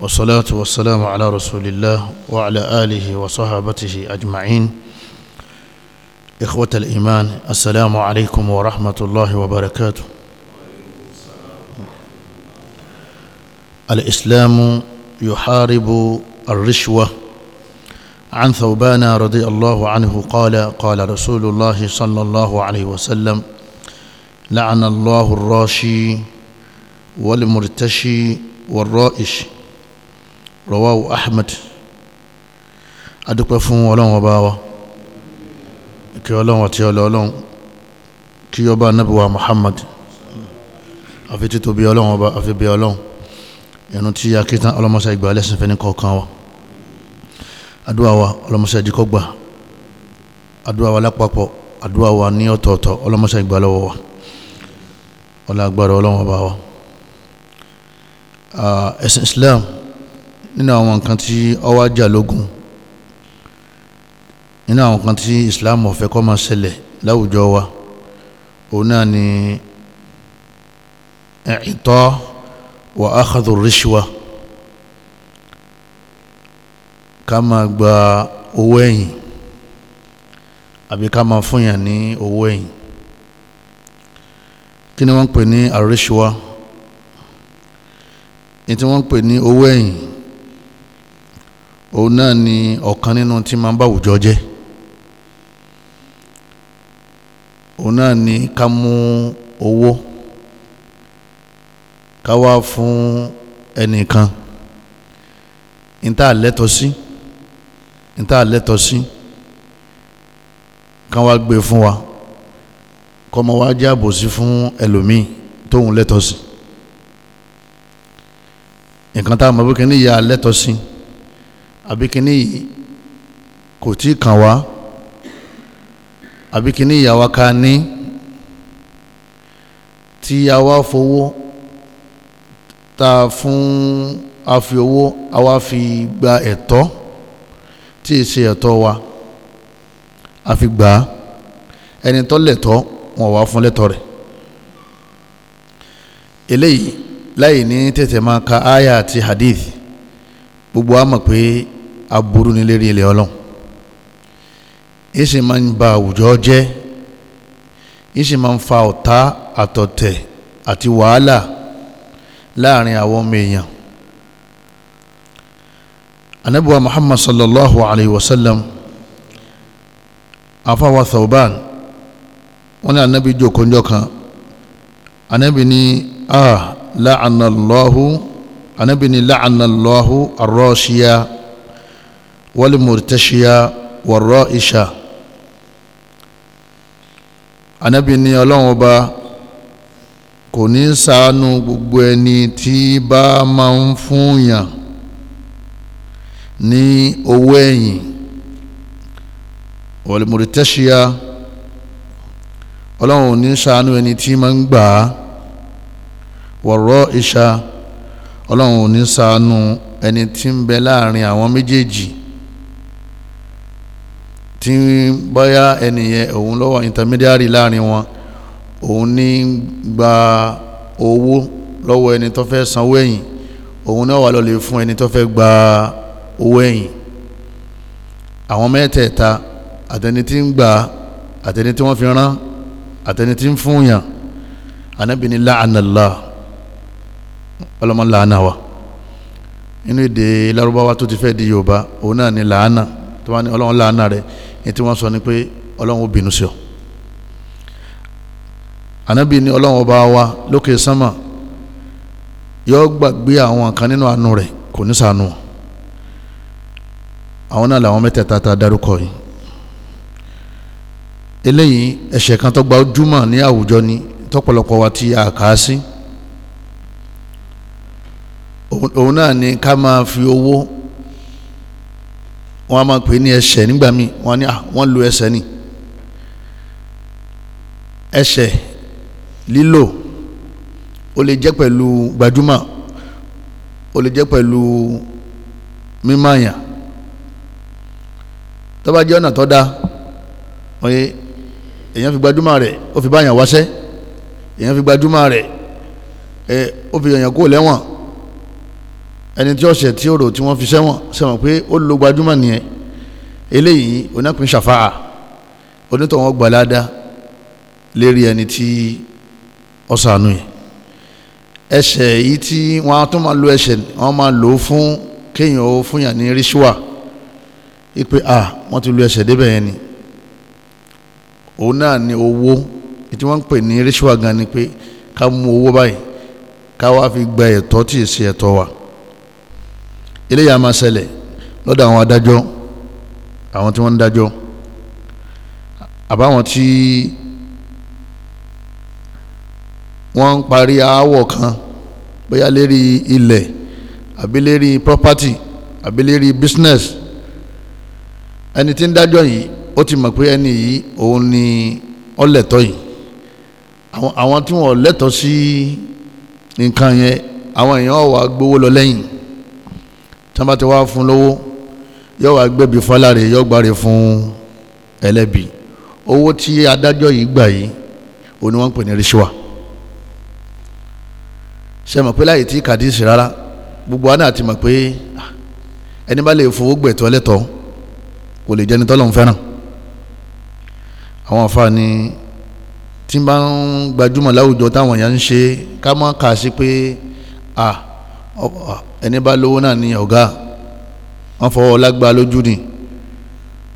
والصلاة والسلام على رسول الله وعلى آله وصحابته أجمعين إخوة الإيمان السلام عليكم ورحمة الله وبركاته الإسلام يحارب الرشوة عن ثوبان رضي الله عنه قال قال رسول الله صلى الله عليه وسلم لعن الله الراشي والمرتشي والرائش rọwáwò ahmed adúpẹ́ fún ọlọ́run ọba wa kí ọlọ́run àti ọlọ́ ọlọ́run kí ọba anábíwá muhammad àfi títóbi ọlọ́run ọba àfi bí ọlọ́run ẹnu tí a kítan ọlọ́mọṣẹ́ ìgbà lẹ́sìn fẹ́ ní kọ̀ọ̀kan wa àdúrà wa ọlọ́mọṣẹ́ ìdíkọ́gbà àdúrà wa lápapọ̀ àdúrà wa ní ọ̀tọ̀ọ̀tọ̀ ọlọ́mọṣẹ́ ìgbà lọ́wọ́ wa ọlá agbára ọlọ́run ọba wa ẹ̀sìn islam nínú àwọn nǹkan tí ọwọ́ ajá lógun nínú àwọn nǹkan tí Islam ò fẹ́ kó máa ṣẹlẹ̀ láwùjọ wa òun náà ni ìtọ́ wa akhadhu rishwa ká máa gba owó ẹ̀yìn àbí ká máa fún yàn ní owó ẹ̀yìn kí ni wọ́n ń pè ní àríṣíwá ní wọ́n ń pè ní owó ẹ̀yìn òun náà ni ọ̀kan nínú tí máa ń bá àwùjọ jẹ́ òun náà ni ká mú owó ká wá fún ẹnìkan níta lẹ́tọ̀ sí níta lẹ́tọ̀ sí ká wá gbé fún wa kọ́mọ wá jẹ́ àbòsí fún ẹlòmíì tóun lẹ́tọ̀ sí nǹkan tá a mọ̀ pé kí ni ìyá lẹ́tọ̀ sí àbí kíní yìí kò tí kàn wá àbí kíní ìyàwó ká ní tí a wá fowó tá fún a fi owó a wá fi gba ẹ̀tọ́ tí ì ṣe ẹ̀tọ́ wa a fi gbà á ẹni tó lẹ̀tọ́ wọn wá fún lẹ́tọ́ rẹ̀ eléyìí láì ní tètè máa ka aya àti hadith gbogbo a mọ̀ pé aburú ní lérí ilẹ̀ ọlọ́run ìsìn máa ń ba àwùjọ jẹ́ ìsìn máa ń fa ọ̀tá àtọ̀tẹ̀ àti wàhálà láàrin àwọn ọmọ èèyàn anabuwa muhammad sallallahu alayhi wa sallam afawa thawban wọn ni anabi jókòó njọ́ kan anabi ni ah la'anallahu anabi ni la'anallahu arrashiya والمرتشية warraisha أنا ni الله ọba kò ní ṣàánú gbogbo ẹni tí bá máa ń fúnyàn ní owó ẹ̀yìn walimurtashiya ọlọ́run ò ní ṣàánú ẹni tí máa ń gbà á warraisha ọlọ́run ò ní ṣàánú ẹni tí ń bẹ láàrin àwọn méjèèjì tí báyà ẹnìyẹn òun ló intermediary láàrin wọn òun ní gba owó lọ́wọ́ ẹni tó fẹ́ sanwó ẹ̀yìn òun náà wà lọ́lẹ̀ fún ẹni tó fẹ́ gba owó ẹ̀yìn àwọn mẹ́tẹ̀ẹ̀ta àtẹni tí ń gbà àtẹni tí wọ́n fi rán àtẹni tí ń fún yàn anábìíní láàánàlá ọlọ́mọ làánà wa inú èdè Lárúbáwá tó ti fẹ́ di Yorùbá òun náà ni làánà tó bá ní ọlọ́run làánà rẹ̀ ní tí wọ́n sọ ni pé ọlọ́run ó bínú sí ọ ànábì ni ọlọ́run ọba wa lókè sánmà yọ gbàgbé àwọn kan nínú àánú rẹ̀ kò ní sànù àwọn náà làwọn mẹ́tẹ̀ẹ̀ta ta dárúkọ yìí eléyìí ẹ̀ṣẹ̀ kan tó gba ojúmọ́ ní àwùjọ ni tọ́pọ̀lọpọ̀ wa ti àká sí òun náà ni ká máa fi owó wọ́n á máa pè ní ẹsẹ̀ nígbà míì wọ́n á ní wọ́n lu ẹsẹ̀ ni ẹsẹ̀ lílò ó lè jẹ́ pẹ̀lú gbajúmọ̀ ó lè jẹ́ pẹ̀lú mímáyà tó bá jẹ́ ọ̀nà tó dáa oye èèyàn fi gbajúmọ̀ rẹ̀ ó fi báyàn wáṣẹ́ èèyàn fi gbajúmọ̀ rẹ̀ ó fi yànyàn kó lẹ́wọ̀n ẹni tí ọ̀sẹ̀ tí ó rò tí wọ́n fi sẹ́wọ̀n sẹ́wọ̀n pé ó lo gbajúmọ̀ nìyẹn eléyìí onápin ṣàfáà onítọ̀wọ́n gbalada lérí ẹni tí ọ̀sánú yẹn ẹsẹ̀ yìí tí wọ́n á tún máa lo ẹsẹ̀ wọ́n máa lò ó fún kéèyàn ó fún yàn ní ríṣùà ipe a wọ́n ti lo ẹsẹ̀ débẹ̀ yẹn ni òun náà ni owó tí wọ́n ń pè ní ríṣùà gan ni pé ká mú owó báyìí ká wá fi gba ẹ̀tọ́ tí ì ṣe ẹ̀tọ́ wa eléyà máa ṣẹlẹ̀ lọ́dọ̀ àwọn adájọ́ àwọn tí wọ́n ń dájọ́ àbáwọn tí wọ́n ń parí aáwọ̀ kan bóyá lérí ilẹ̀ àbí lérí property àbí lérí business ẹni tí ń dájọ́ yìí ó ti mọ̀ pé ẹni yìí òun ni ó lẹ́tọ̀ọ́ yìí àwọn tí wọ́n lẹ́tọ̀ọ́ sí nǹkan yẹn àwọn èèyàn wà gbowó lọ lẹ́yìn tí wọ́n bá ti wá fún lówó yóò wá gbẹ̀bí fọláre yóò gbáre fún ẹlẹ́bi owó tí adájọ́ yìí gbà yìí òun ni wọ́n ń pè ní rishwa ṣe mọ̀ pé láyé tí kàdísì rárá gbogbo àná àti mọ̀ pé ẹni bá lè fowó gbẹ̀tọ́ lẹ́tọ̀ọ́ kò lè jẹ́ni tọ́lọ́run fẹ́ràn àwọn àǹfààní tí bá ń gbajúmọ̀ láwùjọ táwọn èèyàn ń ṣe ká má kà sí pé ẹni bá lówó náà ní ọ̀gá wọ́n fọwọ́ lágbá lójú ni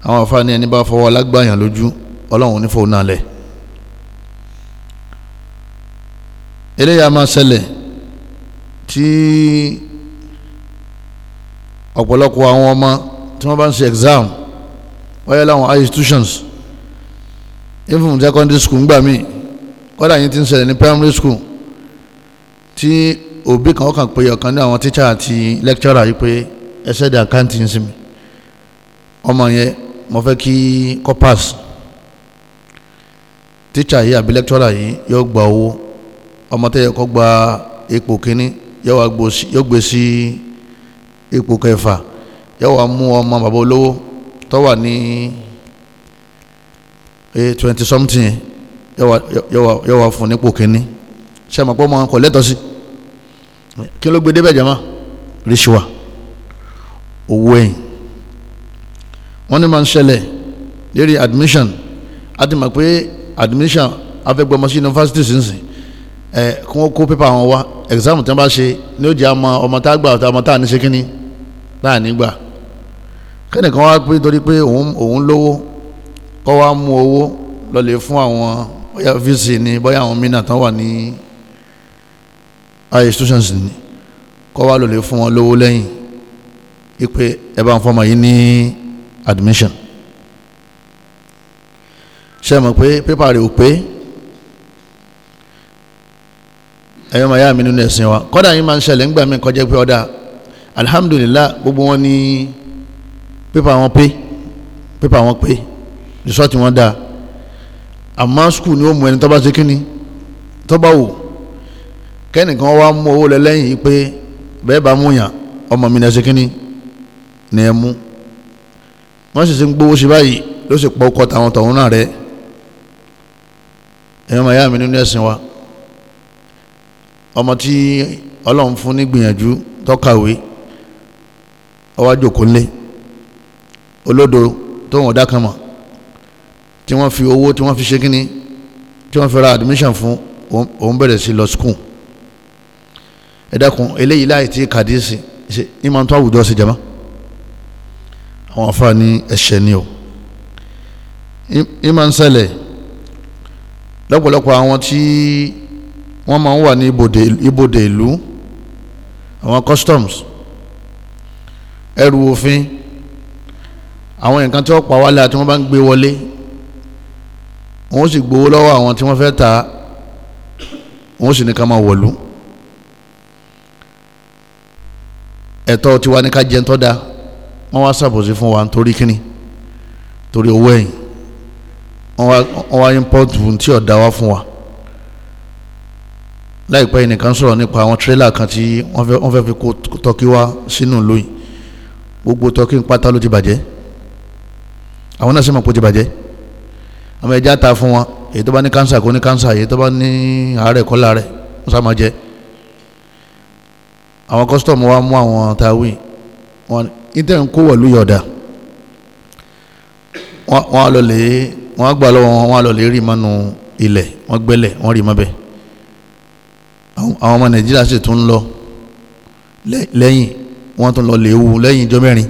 àwọn afáàní ẹni bá fọwọ́ lágbá yàn lójú ọlọ́run ní náà lẹ̀ eléyà máa ṣẹlẹ̀ tí ọ̀pọ̀lọpọ̀ àwọn ọmọ tí wọ́n bá ń ṣe exam wáyé láwọn high institutions even secondary school ń gbà míì kọ́dà yín ti ń ṣẹlẹ̀ ní primary school tí òbí kan ó kàn pé ọ̀kan ní àwọn tíṣà àti lẹ́kítọ́rà yìí pé ẹsẹ̀ dà kántì ń sinmi ọmọ yẹn mo fẹ́ kí kọ́pàs tíṣà yìí àbí lẹ́kítọ́rà yìí yóò gba owó ọmọ tẹ́yẹ kọ́ gba ipò kínní yóò gbé sí ipò kẹfà yóò wá mú ọmọ bàbá olówó tó wà ní eh, twenty something yóò wá fún nípò kínní ṣé àmọ́ pé ọmọ kò lẹ́tọ̀ọ́ sí i kí ló gbé débẹ̀ jama rishwa owó ẹ̀yìn wọ́n ní máa ń ṣẹlẹ̀ lérí admission a ti mọ̀ pé admission afẹ́gbọ́mọ sí yunifásitì sínsìn ẹ̀ kí wọ́n kó pépà wọn wá exam tí wọ́n bá ṣe ní ó jẹ́ ọmọ ọmọ tá a gbà ọ̀tá ọmọ tá a ní ṣe kínní láà ní gbà kẹ́nìkan wá pé torí pé òun lówó kọ́ wá mú owó lọ lè fún àwọn bóyá vc ni bóyá àwọn mínà tán wà ní ayé institutions ni kọ́ wá lòlẹ́ fún wọn lówó lẹ́yìn ipe ẹ bá yìí ní admission ṣe mọ̀ pé pépà rẹ̀ ò pé ẹ̀yọ́ màá yá mi nínú ẹ̀sìn wa kọ́dà yìí máa ń ṣẹlẹ̀ nígbà míì kọjá pé ọ̀dà alhamdulillah gbogbo wọn ní pépà wọn pé pépà wọn pé rìsọ́ọ̀tì wọn dáa àmọ́ skul ni ó mú ẹni tó bá ṣe kí ni tó bá wò kẹ́nìkan wá mú owó lẹ lẹ́yìn pé bẹ́ẹ̀ bá mú yàn ọmọ mi lẹ́sẹ̀ kínní ni ẹ mú wọ́n sì ti ń gbowó sí báyìí ló sì pọ̀ ọkọ̀ tàwọn tọ̀hún náà rẹ̀ ẹ̀yọ́ màá yá mi nínú ẹ̀sìn wa ọmọ tí ọlọ́run fún ní gbìyànjú tọ́kàwé ọwá jòkó lé olódo tó wọn ọ̀dá kan mọ̀ tí wọ́n fi owó tí wọ́n fi ṣe kínní tí wọ́n fi ra admission fún òun bẹ̀rẹ̀ sí lọ school ẹ dákun eléyìí láì tí kàdísì ṣe ní máa tó àwùjọ sí jama àwọn afáà ní ẹ̀ṣẹ̀ ni o ní máa ń ṣẹlẹ̀ lọ́pọ̀lọpọ̀ àwọn tí wọ́n máa ń wà ní ibodè ìlú àwọn customs ẹrù òfin àwọn nǹkan tí wọ́n pa wálé àti wọ́n bá ń gbé wọlé wọ́n sì gbowó lọ́wọ́ àwọn tí wọ́n fẹ́ ta wọ́n sì ní ká máa wọ̀lú. ẹ̀tọ́ tiwa ní ká jẹ ń tọ́da wọ́n wá ṣàbòsí fún wa nítorí kíni torí owó ẹ̀yìn wọ́n wá import tí ọ̀dà wá fún wa láìpẹ́ yìí nìkan sọ̀rọ̀ nípa àwọn tírélà kan tí wọ́n fẹ́ fi kó tọ́kí wá sínú lóyìn gbogbo tọ́kí ń pátá ló ti bàjẹ́ àwọn náà sì mọ̀ pé ó ti bàjẹ́ àwọn ẹja ta fún wọn èyí tó bá ní kánsà kó ní kánsà èyí tó bá ní àárẹ̀ kọ́lá rẹ̀ wọ́n sá máa jẹ́ àwọn kọ́sítọ̀mù wa mú àwọn tawí wọn níta ń kó wọ̀lú yọ̀dà wọn lọ lè wọn gbà lọ́wọ́ wọn wọn lọ lè rí mọ́nu ilẹ̀ wọn gbẹ́lẹ̀ wọn rí mọ́bẹ̀ àwọn ọmọ nàìjíríà sì tún lọ lẹ́yìn wọ́n tún lọ lè wù lẹ́yìn ìjọ mẹ́rin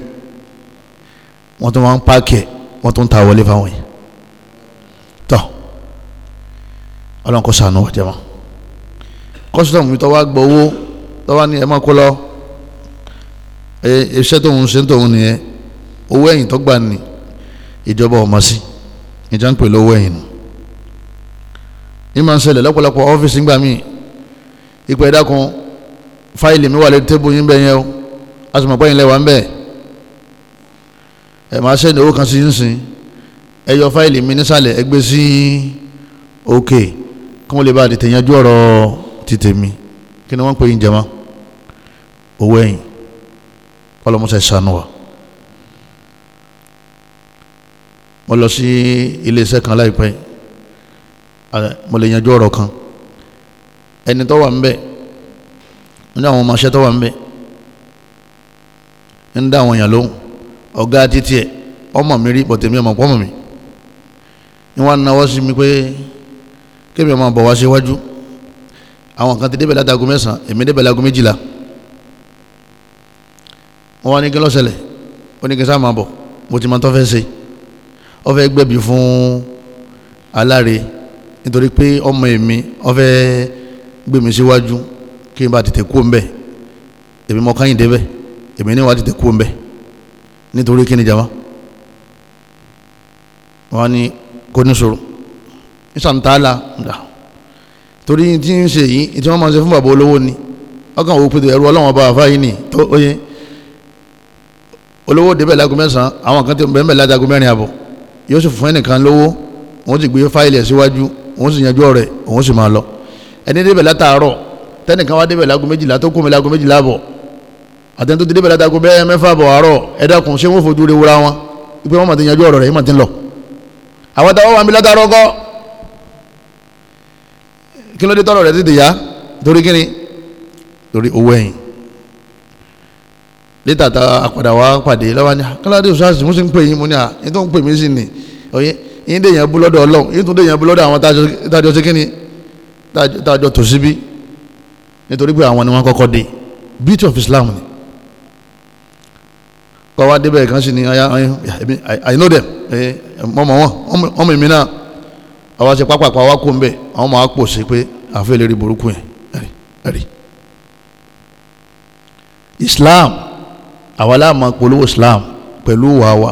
wọ́n tún wọ́n ń páàkì tún ta wọlé fáwọn yìí tọ́ ọlọ́run kó ṣàánú wa jẹ́ wọn kọ́sítọ̀mù mi tọ́ wá gbọ́ owó tọ́wá ní ẹ máa kó lọ iṣẹ́ tóun ṣe tóun nìyẹn owó ẹ̀yìn tó gbà ní ìjọba ọmọ sí ìjà ń pè lówó ẹ̀yìn nù ní máa ń ṣẹlẹ̀ lọ́pọ̀lọpọ̀ ọ́fíìsì ńgbà míì ipò ẹ̀dá kan fáìlì mi wà lórí tébù yín bẹ́ẹ̀ yẹn o a sì mọ̀ pé ìlẹ̀ wà ń bẹ̀ ẹ̀ máa ṣẹ́ni owó kan sí ń sìn ẹ yọ fáìlì mi nísàlẹ̀ ẹ gbé sí òkè kí wọ́n lè bá tètè yanjú ọ̀rọ̀ títèmi kí ni wọ́n ń pè yín jẹma owó ẹ̀yìn kọ́lọ́mọsẹ̀ sànù wa mo lọ sí iléeṣẹ́ kan láìpẹ́ mo lè yanjú ọ̀rọ̀ kan ẹni tó wà ń bẹ̀ ní àwọn ọmọ aṣẹ́ tó wà ń bẹ̀ ń dá àwọn èèyàn lóhùn ọ̀gá títí ẹ̀ ọmọ mi rí bọ̀tẹ̀mí ọmọ pọ́mọ mi ni wọ́n náwó sí mi pé kébì ọmọ bọ̀ wá síwájú. Si àwọn kan ti débẹ̀ látago mẹ́sàn èmi débẹ̀ látago méjìlá wọ́n wá ní kí lọ́sẹ̀lẹ̀ ó ní kí sáà máa bọ̀ mo ti máa tọ́ fẹ́ ṣe ọ fẹ́ gbẹ̀bí fún aláre nítorí pé ọmọ èmi ọ fẹ́ gbé síwájú kí n bá tètè kú mbẹ èmi mọ káyìn débẹ̀ èmi ní wàá tètè kú mbẹ nítorí kí ni jama wọ́n ní kò ní sọ̀rọ̀ ní sàǹtàlà ń dà torí tí ń ṣe yìí tí wọ́n máa ń ṣe fún bàbá olówó ni ọkàn òwò pété ẹrú ọlọ́wọ́n bá àfáà yìí ni tó oye olówó débẹ̀ lágùn mẹ́sàn-án àwọn kan tó bẹ́ẹ̀ mẹ́ẹ̀ lágùn mẹ́rin àbọ̀ yóò sì fún ẹnìkan lówó òun sì gbé fáìlì ẹ̀ síwájú òun sì yanjú ọ̀rẹ́ òun sì máa lọ ẹni débẹ̀ látàárọ̀ tẹnìkan wá débẹ̀ lágùn méjìlá tó kún mi lágùn méjìlá àbọ̀ àtẹni débẹ̀ látàárọ̀ kí ló dé tọrọ rẹ tètè yá torí kíni torí owó ẹ̀yìn lẹ́tà tá a padà wá pàdé lọ́wọ́ ni kọ́ládé òṣàṣì mo sì ń pè yín mo ní à ah, yín tó ń pè mí sí ni òye yín dé yẹn bú lọ́dọ̀ ọlọ́run yín tún dé yẹn bú lọ́dọ̀ àwọn tájọ sí kíni tájọ tò síbí nítorí pé àwọn ni wọ́n kọ́kọ́ dé beauty of Islam ni kọ́ wá débẹ̀ kan sí ni I know them mọ́mọ́ wọn ọmọ mi náà àwa ṣe pápá àpá wa kó ń bẹ̀ àwọn máa pò sí pé àfẹ́ burúkú yẹn ẹ̀rí Islam àwa la polówó Islam pẹ̀lú wàwà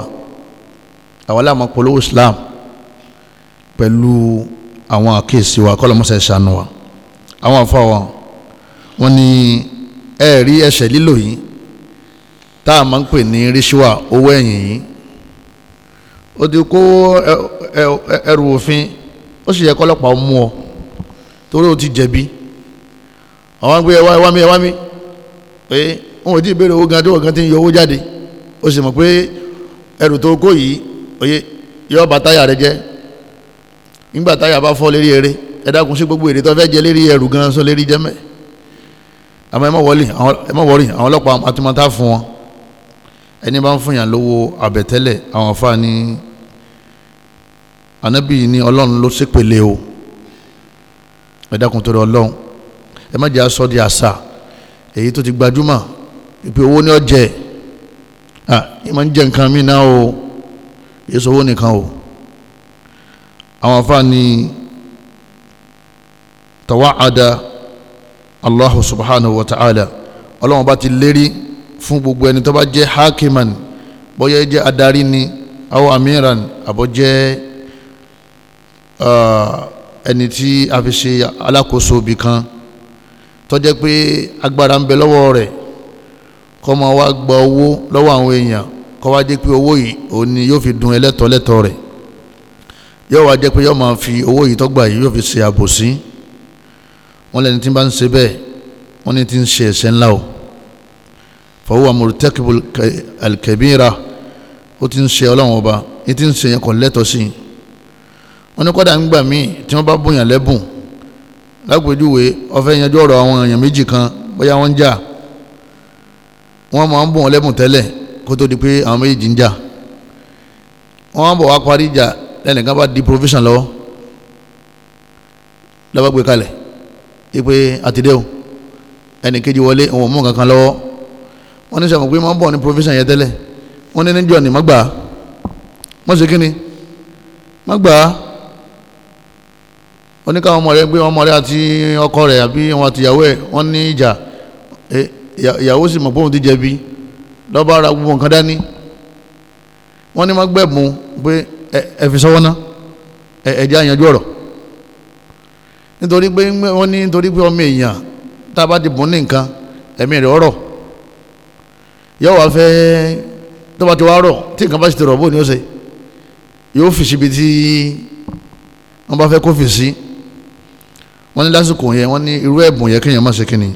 àwa la máa polówó Islam pẹ̀lú àwọn àkíyèsí wa kọ́lọ́mọ́sá ẹ̀ ṣàánú wa àwọn àfa wa wọ́n ní ẹ̀rí ẹ̀ṣẹ̀ lílò yìí tá a máa ń pè ní ríṣíwà owó ẹ̀yìn yìí ó ti kó ẹrù òfin ó sì yẹ kọ́lọ́pàá mú ọ torí o ti jẹ̀bi àwọn gbé ẹwà ẹwà mi ẹwà mi pé wọn ò tí ì béèrè owó gan tó wọ́n kan ti ń yọ owó jáde ó sì mọ̀ pé ẹrù tó kó yìí oyè yọ bà táyà rẹ jẹ́ nígbà táyà bá fọ́ lérí eré ẹ dákun sí gbogbo èrè tó fẹ́ jẹ lérí ẹrù gan sọ lérí jẹ́mẹ́ àmọ́ ẹ má wọlé ẹ má wọlé àwọn ọlọ́pàá àtúmọ̀tá fún wọn ẹni bá ń fún yàn lówó àbẹ̀tẹ́lẹ̀ àwọn afáàní anabi ni ọlọ́run ló ṣépele o ẹ dákun torí ọlọ́run ẹ má jẹ́ aṣọ di àṣà èyí tó ti gbajúmọ̀ ìpè owó ní ọ̀jẹ̀ ah ẹ máa ń jẹ nǹkan mí náà o èyí sọ owó nìkan o àwọn afáàní tawa'ada allahu subhanahu wa ta'ala ọlọ́run bá ti lérí fún gbogbo ẹni tó bá jẹ́ hakiman bóyá jẹ́ adarí ni aw amiran àbọ̀jẹ́ Ah, ẹni tí a fi ṣe alákòóso ibì kan tó jẹ́ pé agbára ń bẹ lọ́wọ́ rẹ̀ kó máa wá gba owó lọ́wọ́ àwọn èèyàn kó wá jẹ́ pé owó yìí òun ni yóò fi dun ẹlẹ́tọ̀ lẹ́tọ̀ rẹ̀ yóò wá jẹ́ pé yóò máa fi owó yìí tọ́gbà yìí yóò fi ṣe àbòsí wọ́n lẹ́ni tí bá ń ṣe bẹ́ẹ̀ wọ́n ní tí ń ṣe ẹ̀ṣẹ̀ ńlá o fahuwa murtakibul alkebira ó ti ń ṣe ọlọ́run ọba ní tí ń ṣe yẹn kò lẹ́tọ̀ sí i wọ́n ní kọ́dà ń gbà míì tí wọ́n bá bùyàn lẹ́bùn lápèjúwe ọ̀fẹ́ yanjú ọ̀rọ̀ àwọn èèyàn méjì kan bóyá wọ́n ń jà wọ́n máa ń bùn wọn lẹ́bùn tẹ́lẹ̀ kó tó di pé àwọn méjì ń jà wọ́n á bọ̀ wá parí ìjà lẹ́nìkan bá di provision lọ́wọ́ lọ́wọ́ gbé kalẹ̀ ipe àtidé o ẹnìkejì wọlé òun mú kankan lọ́wọ́ wọ́n ní sọ̀rọ̀ pé máa bọ̀ ní provision yẹn tẹ́lẹ̀ wọ́n ní níjọ́ ni má gbà á wọ́n ó ní káwọn ọmọ rẹ̀ gbé ọmọ rẹ̀ àti ọkọ rẹ̀ àbí wọn àti ìyàwó ẹ̀ wọ́n ní ìjà ìyàwó sì mọ̀ pé òun ti jẹ̀bi lọ́ba ara gbogbo nǹkan dání wọ́n ní má gbẹ̀bùn pé ẹ fi sọ́wọ́ ná ẹ jẹ́ àyànjú ọ̀rọ̀ nítorí pé wọ́n ní nítorí pé ọmọ èèyàn tá a bá ti bùn ní nǹkan ẹ̀mí rẹ̀ ọ̀rọ̀ yóò wá fẹ́ tó bá ti wá rọ̀ tí nǹkan bá ti rọ̀ bóyá ni ó ṣe yóò fi síbi tí wọ́n bá fẹ́ kó fi sí wọ́n ní lásìkò yẹn wọ́n ní irú ẹ̀bùn yẹn kéèyàn má ṣe kínni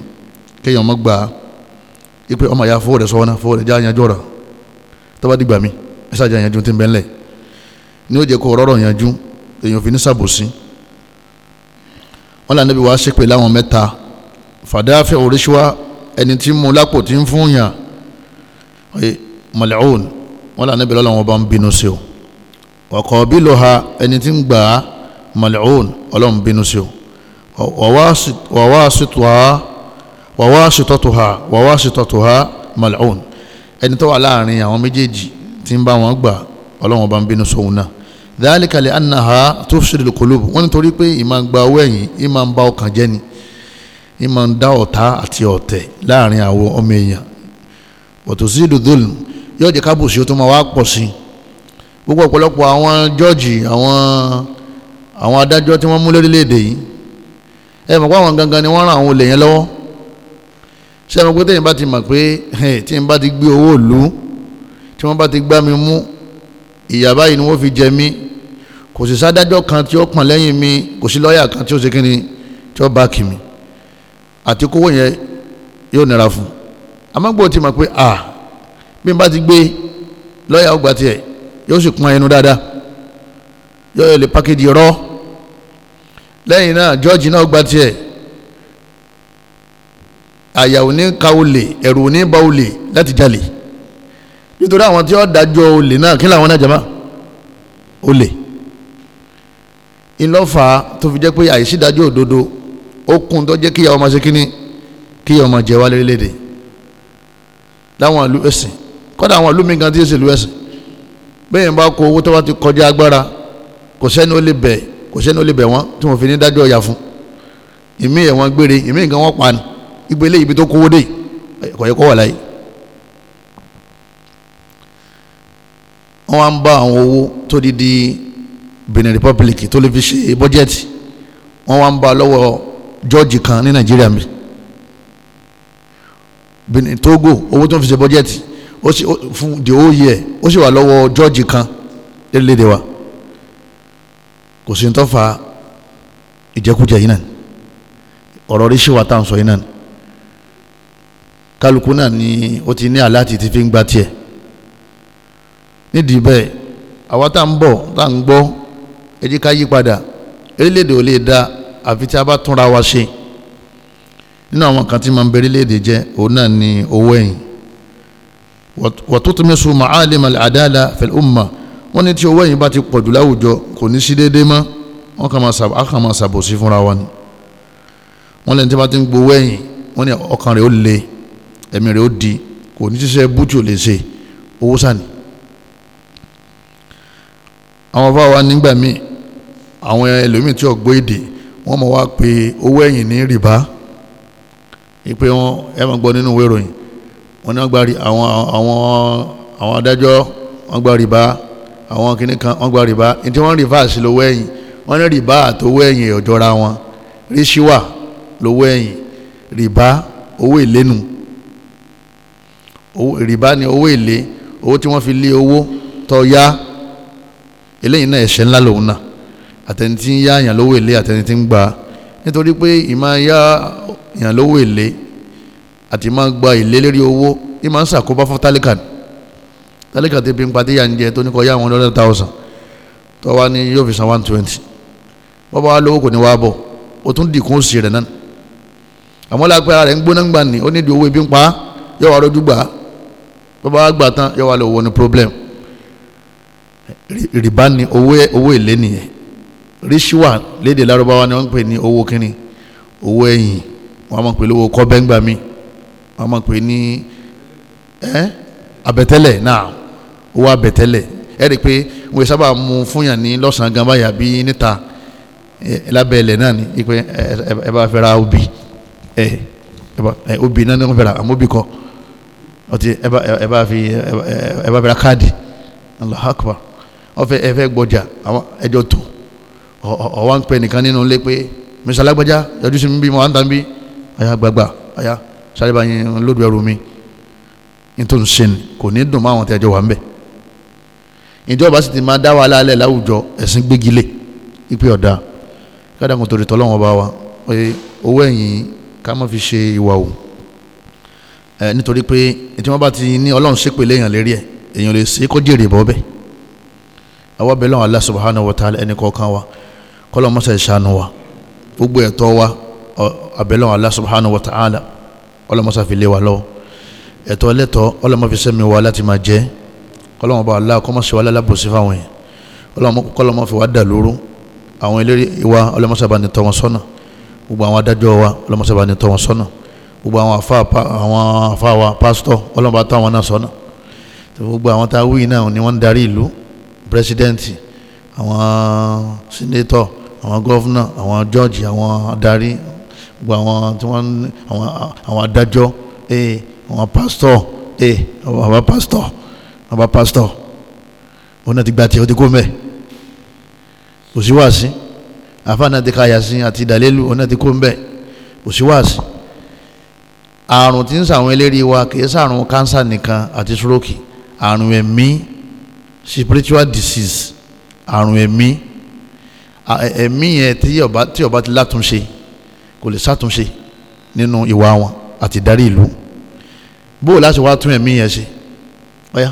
kéèyàn má gbà á ipe ọmọ ìyá fowó rẹ̀ sọ wọn náà fowó rẹ̀ já yanjú ọ̀rọ̀ tó bá dìgbà mi ẹ ṣáà já yanjú tí ń bẹ́ ńlẹ̀ ní ó jẹ́ kó rọ́rọ̀ yanjú èèyàn fi ní sàbòsí wọ́n lànà bí wàá ṣépè láwọn mẹ́ta fàdáfẹ́ òrìṣíwá ẹni tí ń mu lápò tí ń fún yàn mọ̀lẹ́hún wàwáṣítọ́tùhá wàwáṣítọ́tùhá mal'un ẹni tó wà láàrin àwọn méjèèjì tí ń bá wọn gbà ọlọ́wọ́n bá ń bínú sóhun náà dhalika li annaha tufsidul qulub wọ́n ní torí pé ìmọ̀ gba owó ẹ̀yìn ìmọ̀ ń ba ọkàn jẹ́ ni ìmọ̀ ń dá ọ̀tá àti ọ̀tẹ̀ láàrin àwọn ọmọ èèyàn watuzidu dhulm yóò jẹ́ kábùsì ó tún máa wá pọ̀ sí i gbogbo ọ̀pọ̀lọpọ̀ àwọn jọ́ọ̀jì àwọn àwọn adájọ́ tí wọ́n mú lórílẹ̀‐èdè yìí ẹ mọ̀ pé àwọn gangan ni wọ́n ran àwọn olè yẹn lọ́wọ́ ṣé ẹ mọ̀ pé téèyàn bá ti mọ̀ pé téèyàn bá ti gbé owó ìlú tí wọ́n bá ti gbá mi mú ìyà báyìí ni wọ́n fi jẹ mí kò sì sádájọ́ kan tí ó pọ̀n lẹ́yìn mi kò sí lọ́ọ̀yà kan tí ó ṣe kí ni tí ó bá kì mí àti kówó yẹn yóò nira fún amágbó ti mọ̀ pé à bí n bá ti gbé lọ́ọ̀yà ọgbà tiẹ̀ yóò sì kún ẹnu dáadáa yóò yẹ lè pákéjì rọ́ọ̀ lẹ́yìn náà george náà gba tiẹ̀ àyà ò ní ka olè ẹ̀rù ò ní ba olè láti jalè nítorí àwọn tí wọ́n dájọ́ olè náà kí làwọn náà jama olè ńlọ́fà tó fi jẹ́ pé àìsí dájọ́ òdodo ó kún tó jẹ́ kíyàwó máa ṣe kíní kíyàwó máa jẹ wá lórílẹ̀‐èdè láwọn ìlú ẹ̀sìn kọ́dà àwọn ìlú mi gan tí yóò ṣèlú ẹ̀sìn bẹ́ẹ̀ bá kó owó tó bá ti kọjá agbára kò sẹ́ni ó lè bẹ̀ẹ́ kò sẹ́ni ó lè bẹ̀ wọ́n tí mo fi ní dájọ́ ọ̀yà fún ìmí ẹ̀wọ̀n gbére ìmí nǹkan wọ́n pa ni ibi eléyìí ibi tó kówó dé kò yẹ kó wà láyé. wọ́n wá ń bá àwọn owó tó di di Benin Republic tó lè fi ṣe bọ́jẹ́tì wọ́n wá ń bá lọ́wọ́ jọ́ọ̀jì kan ní Nàìjíríà mi Benin Togo owó tó ń fi ṣe bọ́jẹ́tì ó sì fún the whole year ó sì wà lọ́wọ́ jọ́ọ̀jì kan lédè wa kò sí ní tọ́fà ìjẹkújẹ yìí náà ọ̀rọ̀ rí ṣèwà tá à ń sọ yìí náà kálukú náà ni ó ti ní aláàtì ti fi ń gba tiẹ̀ nídìí bẹ́ẹ̀ àwa tá à ń bọ̀ tá à ń gbọ́ ẹ ká yí padà orílẹ̀-èdè ò lè da àfi tí a bá túnra wa ṣe nínú àwọn kan tí máa ń bẹ orílẹ̀-èdè jẹ́ òun náà ni owó ẹ̀yìn wàtútùmí sùn màálìmọ̀ àdáàlà fil umma wọ́n ní tí owó ẹ̀yìn bá ti pọ̀jù láwùjọ kò ní sí déédéé mọ́ wọ́n kàn máa ṣàbòsí fúnra wa ni wọ́n lẹ́ni tí wọ́n ti ń gbowó ẹ̀yìn wọ́n ní ọkàn rẹ̀ ó le ẹ̀mí rẹ̀ ó di kò ní ṣiṣẹ́ bútù lè ṣe owó sàní. àwọn bá wa nígbà míì àwọn ẹlòmíì tí ọ̀gbọ́ èdè wọ́n mọ̀ wá pé owó ẹ̀yìn ní rìbá ìpè wọn ẹ máa gbọ́ nínú ìròyìn wọ́n ní wọ́n gba àwọn adájọ́ wọ́n gba rìbá àwọn kìnnì kan wọ́n gba rìbá ní tí wọ́n rìbá sí lówó ẹ̀yìn wọ́n ní rìbá àtòwó ẹ̀yìn ọ̀jọ́ra wọn ríṣíwà lówó ẹ̀yìn rìbá owó ìlénu rìbá ni owó èlé owó tí wọ́n fi lé owó tó yá eléyìí náà ẹ̀ṣẹ̀ ńlá lòun náà àtẹni tí ń yá àyàn lówó èlé àtẹni tí ń gba nítorí pé ìmọ̀ yá àyàn lówó èlé àti máa gba èlé lérí owó ìmọ̀ ń ṣàkóbá fún ni tálíkà tí bí n padì yà ń jẹ tó ní kọ yá àwọn lọ́dọ̀ thousand tó wá ní yóò fi san one twenty wọ́n bá wá lówó kò ní wá bọ̀ ó tún dìkún sí rẹ̀ náà àmọ́ lápẹ́ ara rẹ̀ ń gbóná gbà ní ó nídìí owó ibi ń pa yóò wá rojú gbà wọ́n bá gbà tán yóò wá lọ ní problem rìbá ni owó owó èlé nìyẹn ríṣíwà léde lárúbáwá ni wọ́n ń pè ní owó kínní owó ẹ̀yìn wọ́n máa ń pè lówó kọ́bẹ́ngbà mi wọ́n máa ń ní ẹ́ abẹ́tẹ́lẹ̀ náà ó wá bẹ̀ tẹ́lẹ̀ ẹ rí i pé wọ́n sábà mú fúnyàn ní lọ́sàn-án gan báyà bí níta lábẹ́ ilẹ̀ náà ni pé ẹ bá fẹ́ ra obì ẹ obì náà ni wọ́n fẹ́ ra àmọ́ obì kọ ọtí ẹ bá fi ẹ bá fẹ́ ra káàdì Allahu Akbar ọfẹ ẹ fẹ́ gbọ́jà àwọn ẹjọ́ tó ọwọ́n pẹ nìkan nínú ilé pé mísàlágbájá yọjú sí mi bí mo wà ń tàn bí àyà gbàgbà àyà sáré báyìí lódò ẹrù mi nítorí sin kò ní dùn máwọn tẹ́jọ́ wà ń bẹ̀ ìjọba sì ti máa dá wàhálà alẹ́ láwùjọ ẹ̀sìn gbégi lé ipe ọ̀dà kádàkùn torí tọ́lọ́wọ́n bá wa pé owó ẹ̀yìn ká má fi ṣe ìwà o ẹ nítorí pé tí wọ́n bá ti ní ọlọ́run ṣépè léèyàn lérí ẹ̀ èèyàn lè ṣe kó jèrè bọ́ bẹ́ẹ̀ àwa bẹ̀ lọ́wọ́ Allah subhanahu wa ta'ala ẹnì kọ̀ọ̀kan wa kọ́lọ́ mọ́sẹ̀ ṣàánú wa gbogbo ẹ̀tọ́ wa àbẹ̀lọ́wọ́ Allah subhanahu wa ta'ala ọlọ́mọ́sàfilé wa lọ́wọ́ ẹ̀tọ́ lẹ́tọ́ ọlọ́mọ́fisẹ́mi wa láti máa jẹ́ kọ́lọ́mọba aláà kọ́mọ sí wa lálábòsí fáwọn yẹn kọ́lọ́mọ fi wá dà lóru àwọn eléré wa ọlọ́mọsàbà ni tọ́ wọn sọ́nà gbogbo àwọn adájọ́ wa ọlọ́mọsàbà ni tọ́ wọn sọ́nà gbogbo àwọn afa àwọn afa wa pásítọ̀ ọlọ́mọba tọ́ wọn náà sọ́nà gbogbo àwọn tá a wí náà ni wọ́n ń darí ìlú pírẹsidẹ́ǹtì àwọn sínétọ̀ àwọn gọ́fúnà àwọn jọ́ọ̀jì àwọn adarí gbogbo àwọn tí wọ́n àwọn adájọ́ eh, àwọn pásítọ̀ eh, àwọn pásítọ̀ wọn bá pásítọ̀ òun náà ti gba tiẹ̀ ó ti kó mbẹ́ kò sí wáàsí àfa náà ti ka yàsí àti ìdàlélù òun náà ti kó mbẹ́ kò àrùn tí ń sàwọn eléré wa kìí sàrùn kánsà nìkan àti sírókì àrùn ẹ̀mí spiritual disease àrùn ẹ̀mí ẹ̀mí yẹn tí ọba tí ọba ti látúnṣe kò lè sàtúnṣe nínú ìwà wọn àti ìdarí ìlú bóò láti wá tún ẹ̀mí yẹn ṣe ọ̀ya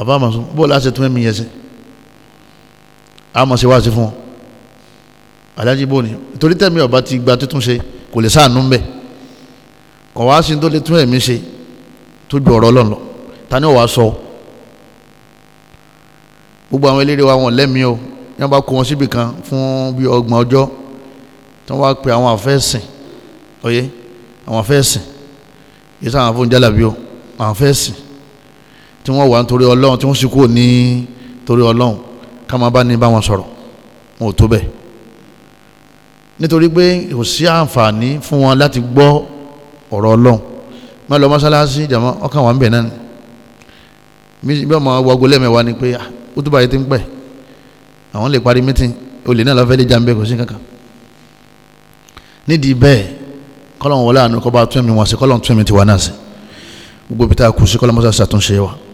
àbá àmà sùn bó láti tún ẹ̀mí yẹn sí àmọ̀ sí wá sí fún ọ alájí bò ní torí tẹ̀mí ọba ti gba tuntun ṣe kò lè sáànú mbẹ kọ̀ wá sí tó lè tún ẹ̀mí ṣe tó ju ọ̀rọ̀ ọlọ́run lọ ta ni ọ̀wá sọ gbogbo àwọn eléré wa wọn lẹ́mìí o ní bá kó wọn síbì kan fún bí ọgbọ̀n ọjọ́ tí wọn wá pe àwọn àfẹ́sìn ọyẹ àwọn àfẹ́sìn yìí sáwọn afọ́njálàbí o àwọn àfẹ́sìn tí wọ́n wà nítorí ọlọ́run tí wọ́n sì kúrò ní torí ọlọ́run ká máa bá ní bá wọn sọ̀rọ̀ wọn ò tó bẹ́ẹ̀ nítorí pé kò sí àǹfààní fún wọn láti gbọ́ ọ̀rọ̀ ọlọ́run má lọ mọ́sálásí jàmọ́ ọkàn wà ń bẹ̀ náà ni bí ọmọ wago lẹ́mẹ̀wá ni pé ó tó báyìí ti ń pẹ́ àwọn lè parí mítìn olè náà lọ́fẹ́ lè jàǹbẹ́ kò sí kankan nídìí bẹ́ẹ̀ kọ́lọ́n wọlé àná kọ́ bá tún ẹ̀mí wọn sí kọ́lọ́n tún ẹ̀mí tiwa náà sí gbogbo ibi tá a kù sí kọ́lọ́n mọ́sálásí àtúnṣe wa.